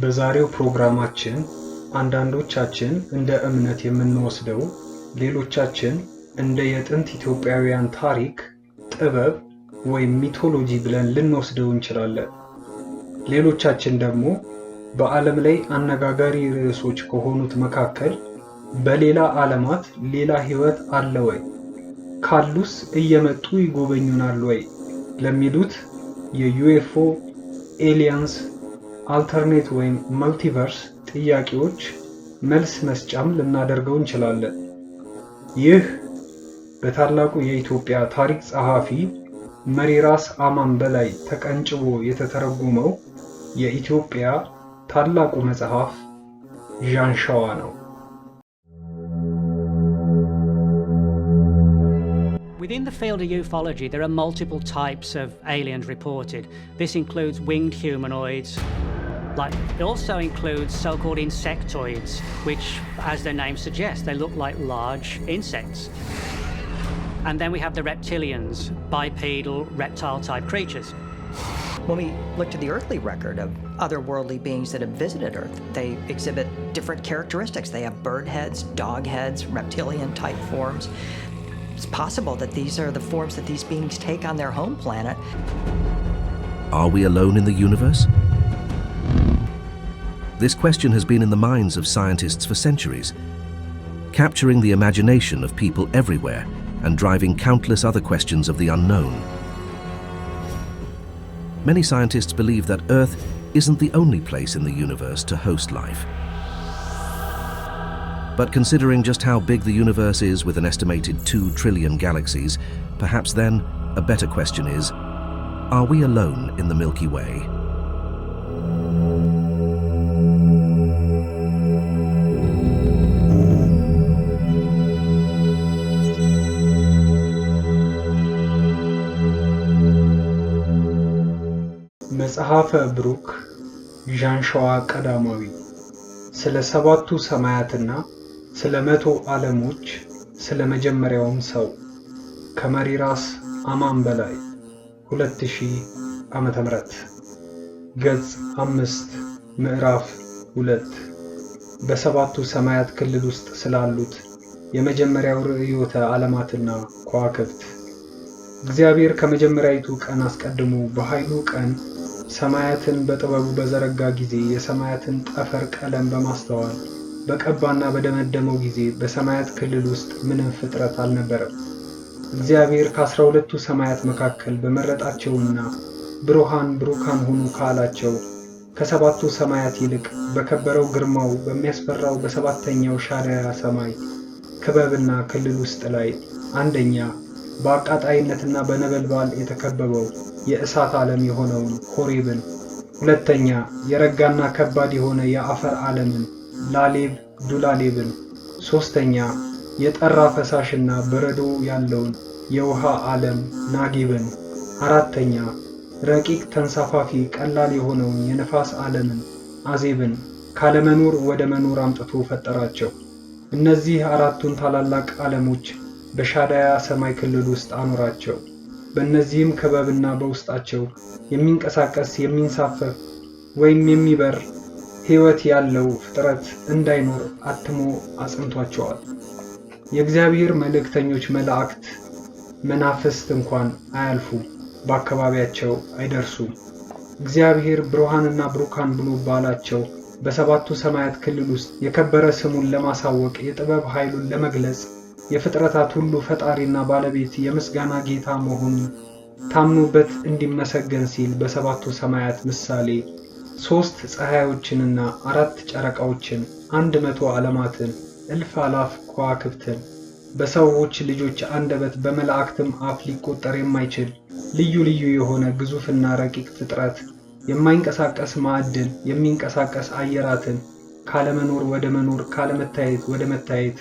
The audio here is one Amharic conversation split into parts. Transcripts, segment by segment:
በዛሬው ፕሮግራማችን አንዳንዶቻችን እንደ እምነት የምንወስደው ሌሎቻችን እንደ የጥንት ኢትዮጵያውያን ታሪክ፣ ጥበብ ወይም ሚቶሎጂ ብለን ልንወስደው እንችላለን። ሌሎቻችን ደግሞ በዓለም ላይ አነጋጋሪ ርዕሶች ከሆኑት መካከል በሌላ ዓለማት ሌላ ሕይወት አለ ወይ? ካሉስ እየመጡ ይጎበኙናል ወይ? ለሚሉት የዩኤፎ ኤሊያንስ አልተርኔት ወይም መልቲቨርስ ጥያቄዎች መልስ መስጫም ልናደርገው እንችላለን። ይህ በታላቁ የኢትዮጵያ ታሪክ ጸሐፊ መሪራስ አማን በላይ ተቀንጭቦ የተተረጎመው የኢትዮጵያ ታላቁ መጽሐፍ ዣንሻዋ ነው። Within the field of ufology, there are multiple types of aliens reported. This includes winged humanoids. Like, it also includes so-called insectoids, which, as their name suggests, they look like large insects. And then we have the reptilians, bipedal, reptile-type creatures. When we look to the earthly record of otherworldly beings that have visited Earth, they exhibit different characteristics. They have bird heads, dog heads, reptilian-type forms. It's possible that these are the forms that these beings take on their home planet. Are we alone in the universe? This question has been in the minds of scientists for centuries, capturing the imagination of people everywhere and driving countless other questions of the unknown. Many scientists believe that Earth isn't the only place in the universe to host life. But considering just how big the universe is with an estimated 2 trillion galaxies, perhaps then a better question is, are we alone in the Milky Way? መጽሐፈ ብሩክ ዣንሸዋ ቀዳማዊ ስለ ሰባቱ ሰማያትና ስለ መቶ ዓለሞች ስለ መጀመሪያውም ሰው ከመሪ ራስ አማን በላይ 2000 ዓመተ ገጽ አምስት ምዕራፍ ሁለት በሰባቱ ሰማያት ክልል ውስጥ ስላሉት የመጀመሪያው ርዕዮተ ዓለማትና ከዋክብት እግዚአብሔር ከመጀመሪያዊቱ ቀን አስቀድሞ በኃይሉ ቀን ሰማያትን በጥበቡ በዘረጋ ጊዜ የሰማያትን ጠፈር ቀለም በማስተዋል በቀባና በደመደመው ጊዜ በሰማያት ክልል ውስጥ ምንም ፍጥረት አልነበረም። እግዚአብሔር ከአስራ ሁለቱ ሰማያት መካከል በመረጣቸውና ብሩሃን ብሩካን ሁኑ ካላቸው ከሰባቱ ሰማያት ይልቅ በከበረው ግርማው በሚያስፈራው በሰባተኛው ሻሪያ ሰማይ ክበብና ክልል ውስጥ ላይ አንደኛ በአቃጣይነትና በነበልባል የተከበበው የእሳት ዓለም የሆነውን ኮሬብን፣ ሁለተኛ የረጋና ከባድ የሆነ የአፈር ዓለምን ላሌብ ዱላሌብን፣ ሦስተኛ የጠራ ፈሳሽና በረዶ ያለውን የውሃ ዓለም ናጊብን፣ አራተኛ ረቂቅ ተንሳፋፊ ቀላል የሆነውን የነፋስ ዓለምን አዜብን ካለመኖር ወደ መኖር አምጥቶ ፈጠራቸው። እነዚህ አራቱን ታላላቅ ዓለሞች በሻዳያ ሰማይ ክልል ውስጥ አኖራቸው። በእነዚህም ክበብና በውስጣቸው የሚንቀሳቀስ የሚንሳፈፍ ወይም የሚበር ሕይወት ያለው ፍጥረት እንዳይኖር አትሞ አጽንቷቸዋል። የእግዚአብሔር መልእክተኞች መላእክት፣ መናፍስት እንኳን አያልፉም፣ በአካባቢያቸው አይደርሱም። እግዚአብሔር ብሩሃንና ብሩካን ብሎ ባላቸው በሰባቱ ሰማያት ክልል ውስጥ የከበረ ስሙን ለማሳወቅ የጥበብ ኃይሉን ለመግለጽ የፍጥረታት ሁሉ ፈጣሪና ባለቤት የምስጋና ጌታ መሆኑ ታምኖበት እንዲመሰገን ሲል በሰባቱ ሰማያት ምሳሌ ሶስት ፀሐዮችንና አራት ጨረቃዎችን አንድ መቶ ዓለማትን እልፍ አላፍ ከዋክብትን በሰዎች ልጆች አንደበት በመላእክትም አፍ ሊቆጠር የማይችል ልዩ ልዩ የሆነ ግዙፍና ረቂቅ ፍጥረት የማይንቀሳቀስ ማዕድን የሚንቀሳቀስ አየራትን ካለመኖር ወደ መኖር ካለመታየት ወደ መታየት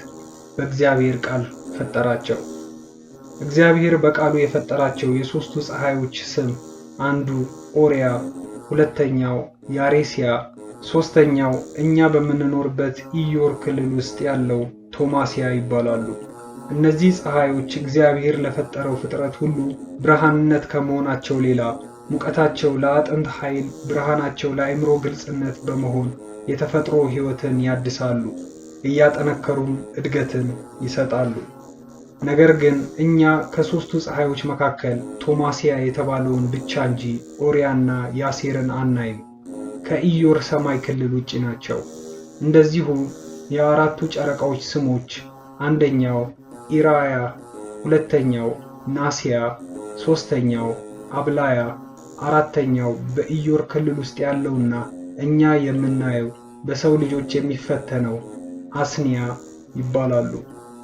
በእግዚአብሔር ቃል ፈጠራቸው። እግዚአብሔር በቃሉ የፈጠራቸው የሦስቱ ፀሐዮች ስም አንዱ ኦሪያ፣ ሁለተኛው ያሬሲያ፣ ሦስተኛው እኛ በምንኖርበት ኢዮር ክልል ውስጥ ያለው ቶማሲያ ይባላሉ። እነዚህ ፀሐዮች እግዚአብሔር ለፈጠረው ፍጥረት ሁሉ ብርሃንነት ከመሆናቸው ሌላ ሙቀታቸው ለአጥንት ኃይል፣ ብርሃናቸው ለአእምሮ ግልጽነት በመሆን የተፈጥሮ ሕይወትን ያድሳሉ። እያጠነከሩም እድገትን ይሰጣሉ። ነገር ግን እኛ ከሦስቱ ፀሐዮች መካከል ቶማሲያ የተባለውን ብቻ እንጂ ኦሪያና ያሴርን አናይም። ከኢዮር ሰማይ ክልል ውጭ ናቸው። እንደዚሁ የአራቱ ጨረቃዎች ስሞች አንደኛው ኢራያ፣ ሁለተኛው ናሲያ፣ ሦስተኛው አብላያ፣ አራተኛው በኢዮር ክልል ውስጥ ያለውና እኛ የምናየው በሰው ልጆች የሚፈተነው አስኒያ ይባላሉ።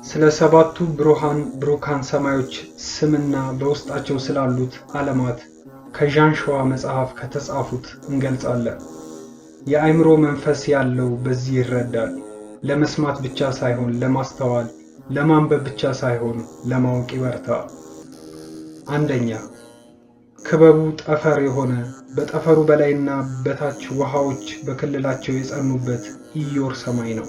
ስለ ሰባቱ ብሩሃን ብሩካን ሰማዮች ስምና በውስጣቸው ስላሉት ዓለማት ከዣንሸዋ መጽሐፍ ከተጻፉት እንገልጻለን። የአእምሮ መንፈስ ያለው በዚህ ይረዳል። ለመስማት ብቻ ሳይሆን ለማስተዋል፣ ለማንበብ ብቻ ሳይሆን ለማወቅ ይበርታ። አንደኛ ክበቡ ጠፈር የሆነ በጠፈሩ በላይና በታች ውሃዎች በክልላቸው የጸኑበት ኢዮር ሰማይ ነው።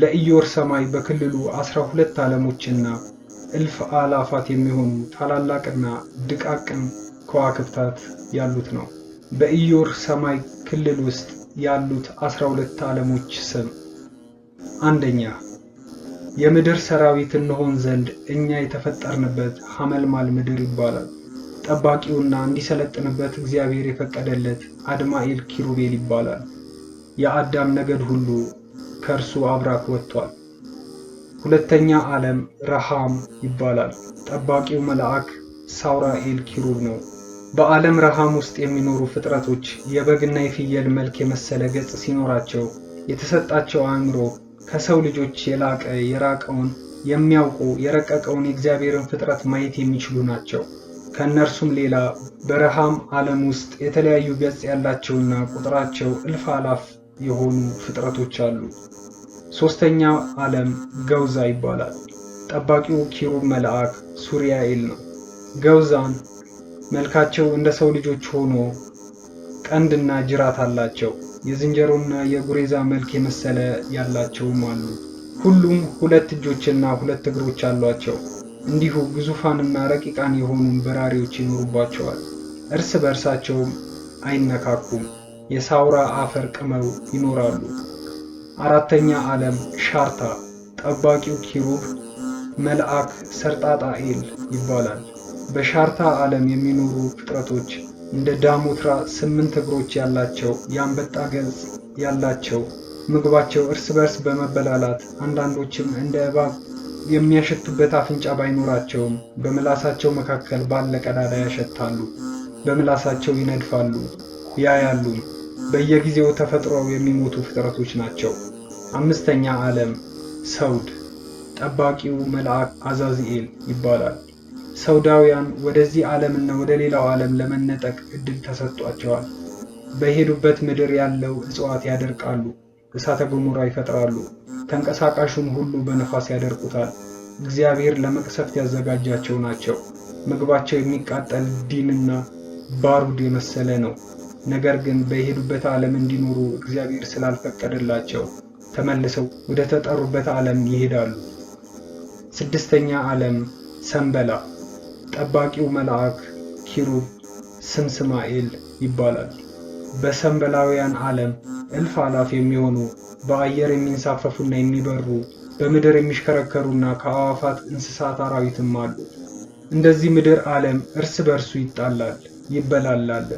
ለኢዮር ሰማይ በክልሉ አስራ ሁለት ዓለሞችና እልፍ አላፋት የሚሆኑ ታላላቅና ድቃቅን ከዋክብታት ያሉት ነው። በኢዮር ሰማይ ክልል ውስጥ ያሉት አስራ ሁለት ዓለሞች ስም አንደኛ የምድር ሰራዊት እንሆን ዘንድ እኛ የተፈጠርንበት ሐመልማል ምድር ይባላል። ጠባቂውና እንዲሰለጥንበት እግዚአብሔር የፈቀደለት አድማኤል ኪሩቤል ይባላል። የአዳም ነገድ ሁሉ ከእርሱ አብራክ ወጥቷል። ሁለተኛ ዓለም ረሃም ይባላል። ጠባቂው መልአክ ሳውራኤል ኪሩብ ነው። በዓለም ረሃም ውስጥ የሚኖሩ ፍጥረቶች የበግና የፍየል መልክ የመሰለ ገጽ ሲኖራቸው የተሰጣቸው አእምሮ ከሰው ልጆች የላቀ የራቀውን የሚያውቁ የረቀቀውን የእግዚአብሔርን ፍጥረት ማየት የሚችሉ ናቸው። ከእነርሱም ሌላ በረሃም ዓለም ውስጥ የተለያዩ ገጽ ያላቸውና ቁጥራቸው እልፍ አላፍ የሆኑ ፍጥረቶች አሉ። ሶስተኛ ዓለም ገውዛ ይባላል። ጠባቂው ኪሩብ መልአክ ሱሪያኤል ነው። ገውዛን መልካቸው እንደ ሰው ልጆች ሆኖ ቀንድና ጅራት አላቸው። የዝንጀሮና የጉሬዛ መልክ የመሰለ ያላቸውም አሉ። ሁሉም ሁለት እጆችና ሁለት እግሮች አሏቸው። እንዲሁ ግዙፋንና ረቂቃን የሆኑ በራሪዎች ይኖሩባቸዋል። እርስ በእርሳቸውም አይነካኩም። የሳውራ አፈር ቅመው ይኖራሉ። አራተኛ ዓለም ሻርታ ጠባቂው ኪሩብ መልአክ ሰርጣጣኤል ይባላል። በሻርታ ዓለም የሚኖሩ ፍጥረቶች እንደ ዳሞትራ ስምንት እግሮች ያላቸው የአንበጣ ገጽ ያላቸው ምግባቸው እርስ በርስ በመበላላት አንዳንዶችም እንደ እባብ የሚያሸቱበት አፍንጫ ባይኖራቸውም በምላሳቸው መካከል ባለ ቀዳዳ ያሸታሉ። በምላሳቸው ይነድፋሉ ያያሉም። በየጊዜው ተፈጥሮው የሚሞቱ ፍጥረቶች ናቸው። አምስተኛ ዓለም ሰውድ ጠባቂው መልአክ አዛዚኤል ይባላል። ሰውዳውያን ወደዚህ ዓለምና ወደ ሌላው ዓለም ለመነጠቅ እድል ተሰጥቷቸዋል። በሄዱበት ምድር ያለው እጽዋት ያደርቃሉ፣ እሳተ ገሞራ ይፈጥራሉ፣ ተንቀሳቃሹን ሁሉ በነፋስ ያደርቁታል። እግዚአብሔር ለመቅሰፍት ያዘጋጃቸው ናቸው። ምግባቸው የሚቃጠል ዲንና ባሩድ የመሰለ ነው። ነገር ግን በሄዱበት ዓለም እንዲኖሩ እግዚአብሔር ስላልፈቀደላቸው ተመልሰው ወደ ተጠሩበት ዓለም ይሄዳሉ። ስድስተኛ ዓለም ሰንበላ። ጠባቂው መልአክ ኪሩብ ስም ስማኤል ይባላል። በሰንበላውያን ዓለም እልፍ አላፍ የሚሆኑ በአየር የሚንሳፈፉና የሚበሩ በምድር የሚሽከረከሩና ከአዋፋት እንስሳት አራዊትም አሉ። እንደዚህ ምድር ዓለም እርስ በርሱ ይጣላል ይበላላል።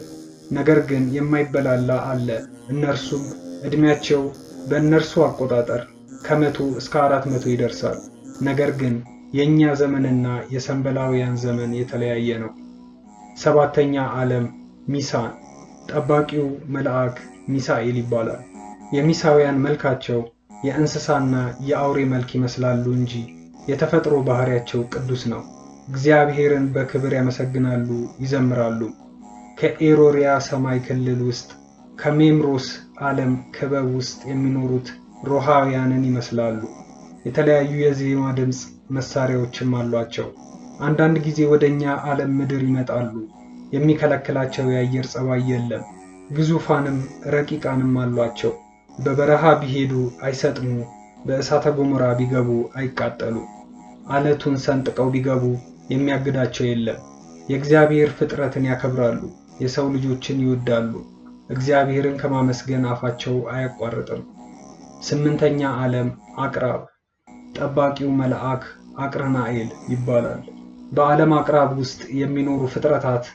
ነገር ግን የማይበላላ አለ። እነርሱም ዕድሜያቸው በእነርሱ አቆጣጠር ከመቶ እስከ አራት መቶ ይደርሳል። ነገር ግን የእኛ ዘመንና የሰንበላውያን ዘመን የተለያየ ነው። ሰባተኛ ዓለም ሚሳን ጠባቂው መልአክ ሚሳኤል ይባላል። የሚሳውያን መልካቸው የእንስሳና የአውሬ መልክ ይመስላሉ እንጂ የተፈጥሮ ባህሪያቸው ቅዱስ ነው። እግዚአብሔርን በክብር ያመሰግናሉ፣ ይዘምራሉ። ከኤሮሪያ ሰማይ ክልል ውስጥ ከሜምሮስ ዓለም ክበብ ውስጥ የሚኖሩት ሮሃውያንን ይመስላሉ። የተለያዩ የዜማ ድምፅ መሳሪያዎችም አሏቸው። አንዳንድ ጊዜ ወደ እኛ ዓለም ምድር ይመጣሉ። የሚከለክላቸው የአየር ጸባይ የለም። ግዙፋንም ረቂቃንም አሏቸው። በበረሃ ቢሄዱ አይሰጥሙ፣ በእሳተ ገሞራ ቢገቡ አይቃጠሉ፣ አለቱን ሰንጥቀው ቢገቡ የሚያግዳቸው የለም። የእግዚአብሔር ፍጥረትን ያከብራሉ። የሰው ልጆችን ይወዳሉ፣ እግዚአብሔርን ከማመስገን አፋቸው አያቋርጥም። ስምንተኛ ዓለም አቅራብ ጠባቂው መልአክ አቅርናኤል ይባላል። በዓለም አቅራብ ውስጥ የሚኖሩ ፍጥረታት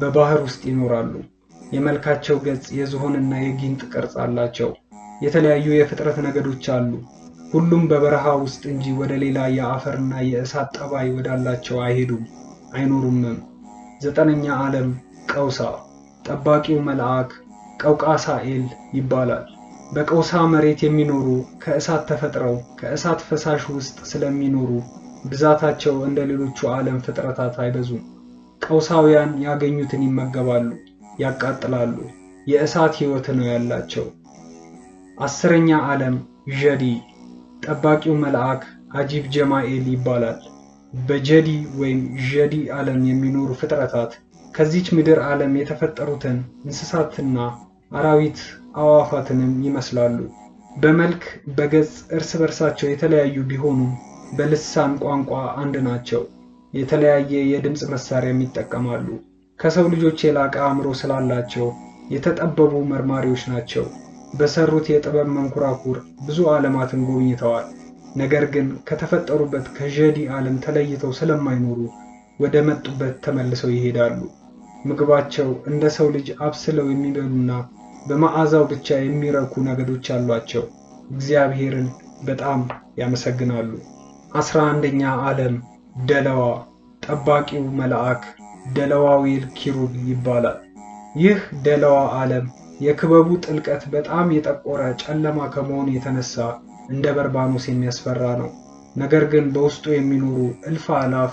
በባህር ውስጥ ይኖራሉ። የመልካቸው ገጽ የዝሆንና የጊንጥ ቅርጽ አላቸው። የተለያዩ የፍጥረት ነገዶች አሉ። ሁሉም በበረሃ ውስጥ እንጂ ወደ ሌላ የአፈርና የእሳት ጠባይ ወዳላቸው አይሄዱም አይኖሩምም። ዘጠነኛ ዓለም ቀውሳ ጠባቂው መልአክ ቀውቃሳኤል ይባላል። በቀውሳ መሬት የሚኖሩ ከእሳት ተፈጥረው ከእሳት ፈሳሽ ውስጥ ስለሚኖሩ ብዛታቸው እንደ ሌሎቹ ዓለም ፍጥረታት አይበዙም። ቀውሳውያን ያገኙትን ይመገባሉ፣ ያቃጥላሉ። የእሳት ሕይወት ነው ያላቸው። አስረኛ ዓለም ዠዲ ጠባቂው መልአክ አጂብ ጀማኤል ይባላል። በጀዲ ወይም ዠዲ ዓለም የሚኖሩ ፍጥረታት ከዚች ምድር ዓለም የተፈጠሩትን እንስሳትና አራዊት አዋፋትንም ይመስላሉ። በመልክ በገጽ እርስ በርሳቸው የተለያዩ ቢሆኑም በልሳን ቋንቋ አንድ ናቸው። የተለያየ የድምፅ መሳሪያም ይጠቀማሉ። ከሰው ልጆች የላቀ አእምሮ ስላላቸው የተጠበቡ መርማሪዎች ናቸው። በሰሩት የጥበብ መንኮራኩር ብዙ ዓለማትን ጎብኝተዋል። ነገር ግን ከተፈጠሩበት ከዠዲ ዓለም ተለይተው ስለማይኖሩ ወደ መጡበት ተመልሰው ይሄዳሉ። ምግባቸው እንደ ሰው ልጅ አብስለው የሚበሉና በመዓዛው ብቻ የሚረኩ ነገዶች አሏቸው። እግዚአብሔርን በጣም ያመሰግናሉ። አስራ አንደኛ ዓለም ደለዋ ጠባቂው መልአክ ደለዋዊል ኪሩብ ይባላል። ይህ ደለዋ ዓለም የክበቡ ጥልቀት በጣም የጠቆረ ጨለማ ከመሆኑ የተነሳ እንደ በርባኖስ የሚያስፈራ ነው። ነገር ግን በውስጡ የሚኖሩ እልፍ አላፍ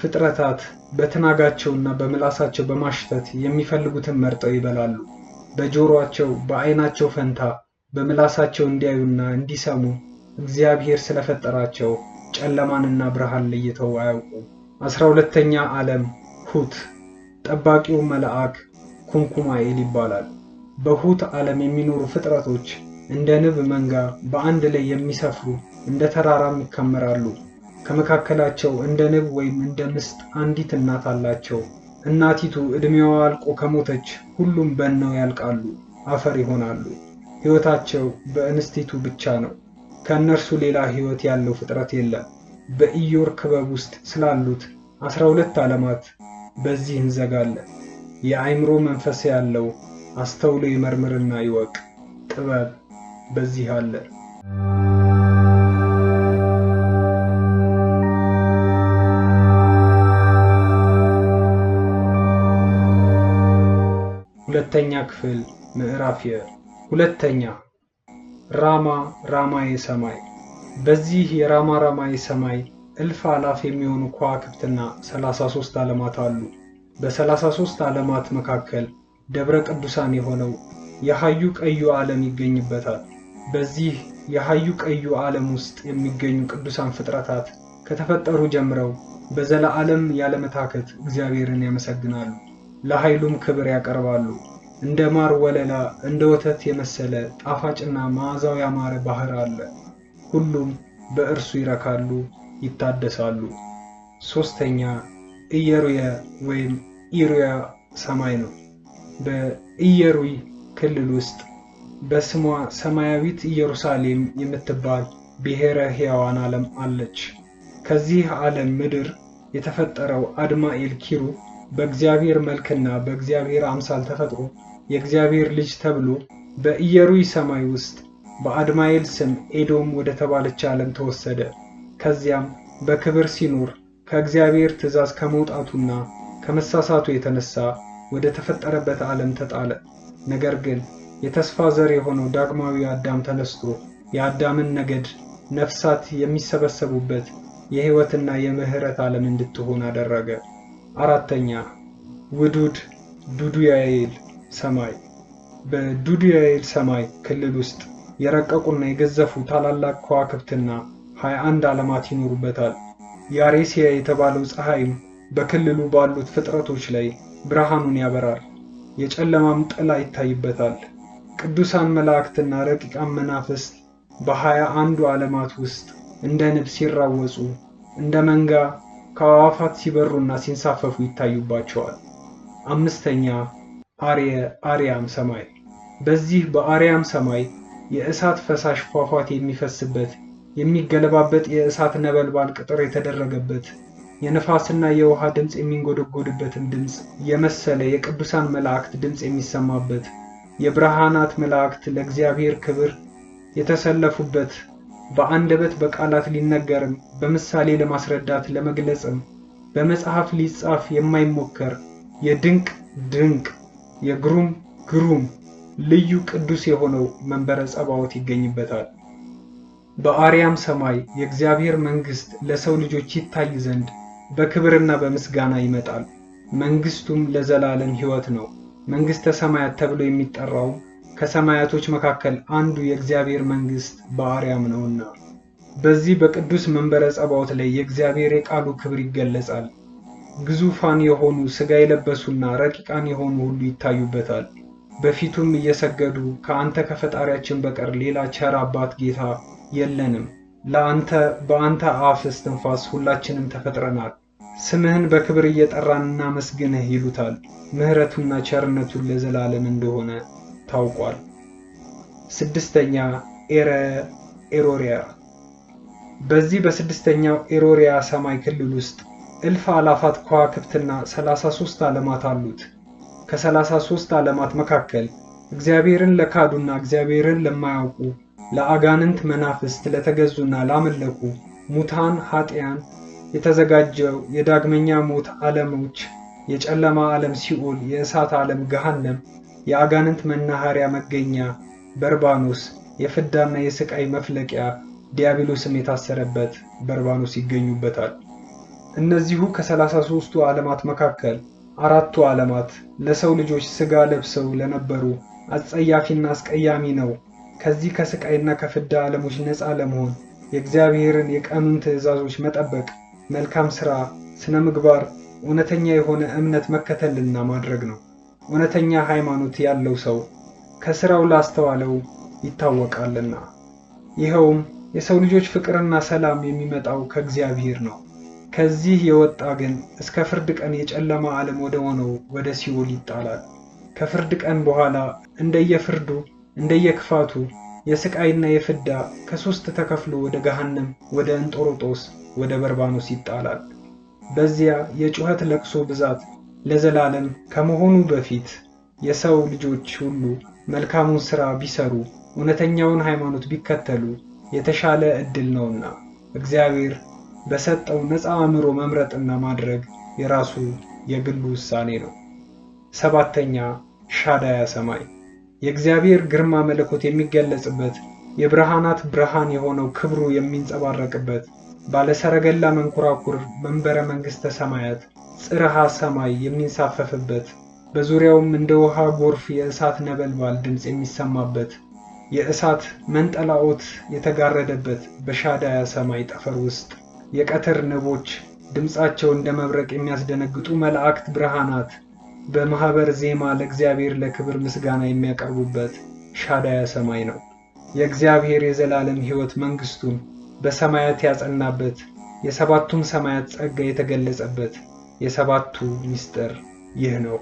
ፍጥረታት በትናጋቸውና በምላሳቸው በማሽተት የሚፈልጉትን መርጠው ይበላሉ። በጆሮአቸው በዓይናቸው ፈንታ በምላሳቸው እንዲያዩና እንዲሰሙ እግዚአብሔር ስለፈጠራቸው ጨለማንና ብርሃን ለይተው አያውቁም። አስራ ሁለተኛ ዓለም ሁት ጠባቂው መልአክ ኩንኩማኤል ይባላል። በሁት ዓለም የሚኖሩ ፍጥረቶች እንደ ንብ መንጋ በአንድ ላይ የሚሰፍሩ እንደ ተራራም ይከመራሉ። ከመካከላቸው እንደ ንብ ወይም እንደ ምስጥ አንዲት እናት አላቸው። እናቲቱ ዕድሜዋ አልቆ ከሞተች ሁሉም በነው ያልቃሉ፣ አፈር ይሆናሉ። ሕይወታቸው በእንስቲቱ ብቻ ነው። ከእነርሱ ሌላ ሕይወት ያለው ፍጥረት የለም። በኢዮር ክበብ ውስጥ ስላሉት አስራ ሁለት ዓለማት በዚህ እንዘጋለን። የአይምሮ መንፈስ ያለው አስተውሎ ይመርምርና ይወቅ። ጥበብ በዚህ አለ። ሁለተኛ ክፍል ምዕራፍ ሁለተኛ ራማ ራማዬ ሰማይ በዚህ የራማ ራማዬ ሰማይ እልፍ አላፍ የሚሆኑ ከዋክብትና 33 ዓለማት አሉ። በ33 ዓለማት መካከል ደብረ ቅዱሳን የሆነው የሐዩ ቀዩ ዓለም ይገኝበታል። በዚህ የሐዩ ቀዩ ዓለም ውስጥ የሚገኙ ቅዱሳን ፍጥረታት ከተፈጠሩ ጀምረው በዘላዓለም ያለመታከት እግዚአብሔርን ያመሰግናሉ። ለኃይሉም ክብር ያቀርባሉ። እንደ ማር ወለላ እንደ ወተት የመሰለ ጣፋጭና መዓዛው ያማረ ባህር አለ። ሁሉም በእርሱ ይረካሉ፣ ይታደሳሉ። ሶስተኛ ኢየሩየ ወይም ኢሩያ ሰማይ ነው። በኢየሩይ ክልል ውስጥ በስሟ ሰማያዊት ኢየሩሳሌም የምትባል ብሔረ ሕያዋን ዓለም አለች። ከዚህ ዓለም ምድር የተፈጠረው አድማኤል ኪሩብ በእግዚአብሔር መልክና በእግዚአብሔር አምሳል ተፈጥሮ የእግዚአብሔር ልጅ ተብሎ በኢየሩይ ሰማይ ውስጥ በአድማኤል ስም ኤዶም ወደ ተባለች ዓለም ተወሰደ። ከዚያም በክብር ሲኖር ከእግዚአብሔር ትእዛዝ ከመውጣቱና ከመሳሳቱ የተነሳ ወደ ተፈጠረበት ዓለም ተጣለ። ነገር ግን የተስፋ ዘር የሆነው ዳግማዊ አዳም ተነስቶ የአዳምን ነገድ ነፍሳት የሚሰበሰቡበት የሕይወትና የምሕረት ዓለም እንድትሆን አደረገ። አራተኛ ውዱድ ዱዱያኤል ሰማይ በዱዱያኤል ሰማይ ክልል ውስጥ የረቀቁና የገዘፉ ታላላቅ ከዋክብትና 21 ዓለማት ይኖሩበታል። ያሬሲያ የተባለው ፀሐይም በክልሉ ባሉት ፍጥረቶች ላይ ብርሃኑን ያበራል፣ የጨለማም ጥላ ይታይበታል። ቅዱሳን መላእክትና ረቂቃን መናፍስት በሀያ አንዱ ዓለማት ውስጥ እንደ ንብ ሲራወጹ እንደ መንጋ ከአዋፋት ሲበሩና ሲንሳፈፉ ይታዩባቸዋል። አምስተኛ አሬ አርያም ሰማይ። በዚህ በአርያም ሰማይ የእሳት ፈሳሽ ፏፏቴ የሚፈስበት የሚገለባበጥ የእሳት ነበልባል ቅጥር የተደረገበት የነፋስና የውሃ ድምፅ የሚንጎደጎድበትን ድምፅ የመሰለ የቅዱሳን መላእክት ድምፅ የሚሰማበት የብርሃናት መላእክት ለእግዚአብሔር ክብር የተሰለፉበት በአንደበት በቃላት ሊነገርም በምሳሌ ለማስረዳት ለመግለጽም በመጽሐፍ ሊጻፍ የማይሞከር የድንቅ ድንቅ የግሩም ግሩም ልዩ ቅዱስ የሆነው መንበረ ጸባዖት ይገኝበታል። በአርያም ሰማይ የእግዚአብሔር መንግሥት ለሰው ልጆች ይታይ ዘንድ በክብርና በምስጋና ይመጣል። መንግሥቱም ለዘላለም ሕይወት ነው። መንግሥተ ሰማያት ተብሎ የሚጠራውም ከሰማያቶች መካከል አንዱ የእግዚአብሔር መንግሥት በአርያም ነውና። በዚህ በቅዱስ መንበረ ጸባዖት ላይ የእግዚአብሔር የቃሉ ክብር ይገለጻል። ግዙፋን የሆኑ ሥጋ የለበሱና ረቂቃን የሆኑ ሁሉ ይታዩበታል። በፊቱም እየሰገዱ ከአንተ ከፈጣሪያችን በቀር ሌላ ቸር አባት ጌታ የለንም፣ ለአንተ በአንተ አፍ እስትንፋስ ሁላችንም ተፈጥረናል፣ ስምህን በክብር እየጠራን እናመስግንህ ይሉታል። ምሕረቱና ቸርነቱን ለዘላለም እንደሆነ ታውቋል። ስድስተኛ ኤሮሪያ በዚህ በስድስተኛው ኤሮሪያ ሰማይ ክልል ውስጥ እልፍ አላፋት ከዋክብትና 33 ዓለማት አሉት። ከ33 ዓለማት መካከል እግዚአብሔርን ለካዱና እግዚአብሔርን ለማያውቁ ለአጋንንት መናፍስት ለተገዙና ላመለኩ ሙታን ኃጢያን የተዘጋጀው የዳግመኛ ሞት ዓለሞች የጨለማ ዓለም ሲኦል፣ የእሳት ዓለም ገሃነም የአጋንንት መናኸሪያ መገኛ፣ በርባኖስ የፍዳና የስቃይ መፍለቂያ፣ ዲያብሎስም የታሰረበት በርባኖስ ይገኙበታል። እነዚሁ ከሰላሳ ሦስቱ ዓለማት መካከል አራቱ ዓለማት ለሰው ልጆች ሥጋ ለብሰው ለነበሩ አጸያፊና አስቀያሚ ነው። ከዚህ ከስቃይና ከፍዳ ዓለሞች ነፃ ለመሆን የእግዚአብሔርን የቀኑን ትእዛዞች መጠበቅ፣ መልካም ሥራ፣ ስነ ምግባር፣ እውነተኛ የሆነ እምነት መከተልና ማድረግ ነው። እውነተኛ ሃይማኖት ያለው ሰው ከስራው ላስተዋለው ይታወቃልና። ይኸውም የሰው ልጆች ፍቅርና ሰላም የሚመጣው ከእግዚአብሔር ነው። ከዚህ የወጣ ግን እስከ ፍርድ ቀን የጨለማ ዓለም ወደ ሆነው ወደ ሲኦል ይጣላል። ከፍርድ ቀን በኋላ እንደየፍርዱ እንደየክፋቱ የስቃይና የፍዳ ከሶስት ተከፍሎ ወደ ገሃነም ወደ እንጦሮጦስ ወደ በርባኖስ ይጣላል። በዚያ የጩኸት ለቅሶ ብዛት ለዘላለም ከመሆኑ በፊት የሰው ልጆች ሁሉ መልካሙን ሥራ ቢሰሩ እውነተኛውን ሃይማኖት ቢከተሉ የተሻለ ዕድል ነውና እግዚአብሔር በሰጠው ነፃ አእምሮ መምረጥና ማድረግ የራሱ የግሉ ውሳኔ ነው። ሰባተኛ ሻዳያ ሰማይ የእግዚአብሔር ግርማ መለኮት የሚገለጽበት የብርሃናት ብርሃን የሆነው ክብሩ የሚንጸባረቅበት ባለሰረገላ መንኮራኩር መንበረ መንግሥተ ሰማያት ጽርሃ ሰማይ የሚንሳፈፍበት በዙሪያውም እንደ ውሃ ጎርፍ የእሳት ነበልባል ድምፅ የሚሰማበት የእሳት መንጠላኦት የተጋረደበት በሻዳያ ሰማይ ጠፈር ውስጥ የቀትር ንቦች ድምፃቸው እንደ መብረቅ የሚያስደነግጡ መላእክት ብርሃናት በማኅበር ዜማ ለእግዚአብሔር ለክብር ምስጋና የሚያቀርቡበት ሻዳያ ሰማይ ነው። የእግዚአብሔር የዘላለም ሕይወት መንግሥቱን በሰማያት ያጸናበት የሰባቱም ሰማያት ጸጋ የተገለጸበት የሰባቱ ምስጢር ይህ ነው።